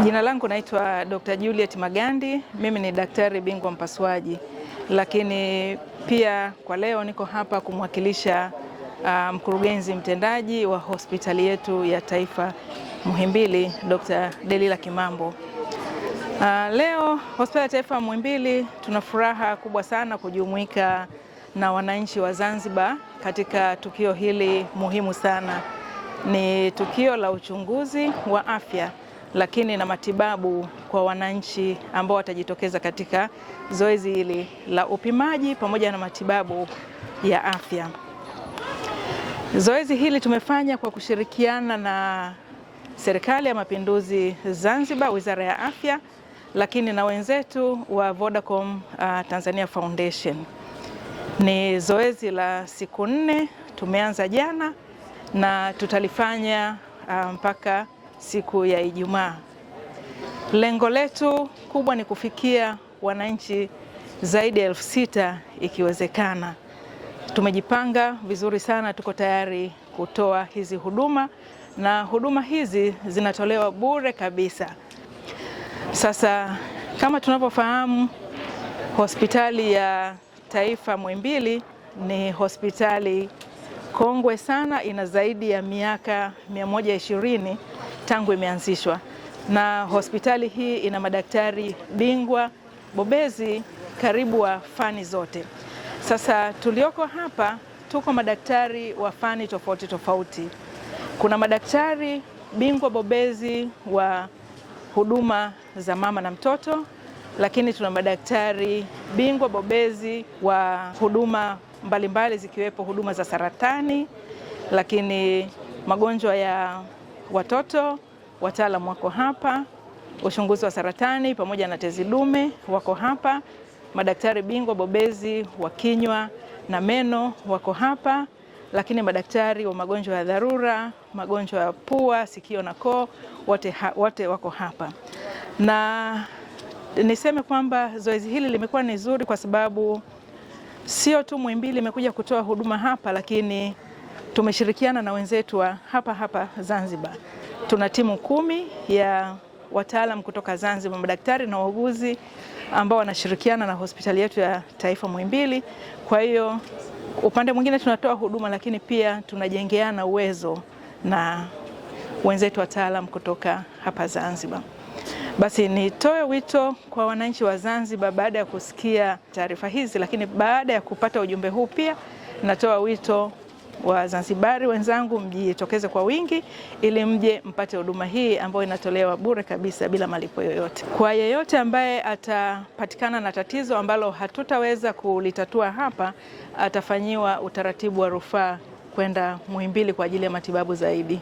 Jina langu naitwa Dr. Juliet Magandi, mimi ni daktari bingwa mpasuaji, lakini pia kwa leo niko hapa kumwakilisha uh, mkurugenzi mtendaji wa hospitali yetu ya taifa Muhimbili, Dr. Delila Kimambo. Uh, leo hospitali ya taifa Muhimbili tuna furaha kubwa sana kujumuika na wananchi wa Zanzibar katika tukio hili muhimu sana. Ni tukio la uchunguzi wa afya lakini na matibabu kwa wananchi ambao watajitokeza katika zoezi hili la upimaji pamoja na matibabu ya afya. Zoezi hili tumefanya kwa kushirikiana na Serikali ya Mapinduzi Zanzibar, Wizara ya Afya, lakini na wenzetu wa Vodacom uh, Tanzania Foundation. Ni zoezi la siku nne, tumeanza jana na tutalifanya uh, mpaka siku ya Ijumaa. Lengo letu kubwa ni kufikia wananchi zaidi ya elfu sita ikiwezekana. Tumejipanga vizuri sana, tuko tayari kutoa hizi huduma na huduma hizi zinatolewa bure kabisa. Sasa kama tunavyofahamu, hospitali ya taifa Muhimbili ni hospitali kongwe sana, ina zaidi ya miaka 120 tangu imeanzishwa, na hospitali hii ina madaktari bingwa bobezi karibu wa fani zote. Sasa tulioko hapa tuko madaktari wa fani tofauti tofauti. Kuna madaktari bingwa bobezi wa huduma za mama na mtoto, lakini tuna madaktari bingwa bobezi wa huduma mbalimbali zikiwepo huduma za saratani, lakini magonjwa ya watoto, wataalamu wako hapa, uchunguzi wa saratani pamoja na tezi dume wako hapa, madaktari bingwa bobezi wa kinywa na meno wako hapa, lakini madaktari wa magonjwa ya dharura, magonjwa ya pua, sikio na koo, wote, wote wako hapa na niseme kwamba zoezi hili limekuwa ni zuri kwa sababu sio tu Muhimbili imekuja kutoa huduma hapa, lakini tumeshirikiana na wenzetu wa hapa hapa Zanzibar. Tuna timu kumi ya wataalam kutoka Zanzibar, madaktari na wauguzi ambao wanashirikiana na hospitali yetu ya taifa Muhimbili. Kwa hiyo upande mwingine tunatoa huduma, lakini pia tunajengeana uwezo na wenzetu wataalam kutoka hapa Zanzibar. Basi nitoe wito kwa wananchi wa Zanzibar baada ya kusikia taarifa hizi, lakini baada ya kupata ujumbe huu pia natoa wito Wazanzibari wenzangu mjitokeze kwa wingi ili mje mpate huduma hii ambayo inatolewa bure kabisa bila malipo yoyote. Kwa yeyote ambaye atapatikana na tatizo ambalo hatutaweza kulitatua hapa, atafanyiwa utaratibu wa rufaa kwenda Muhimbili kwa ajili ya matibabu zaidi.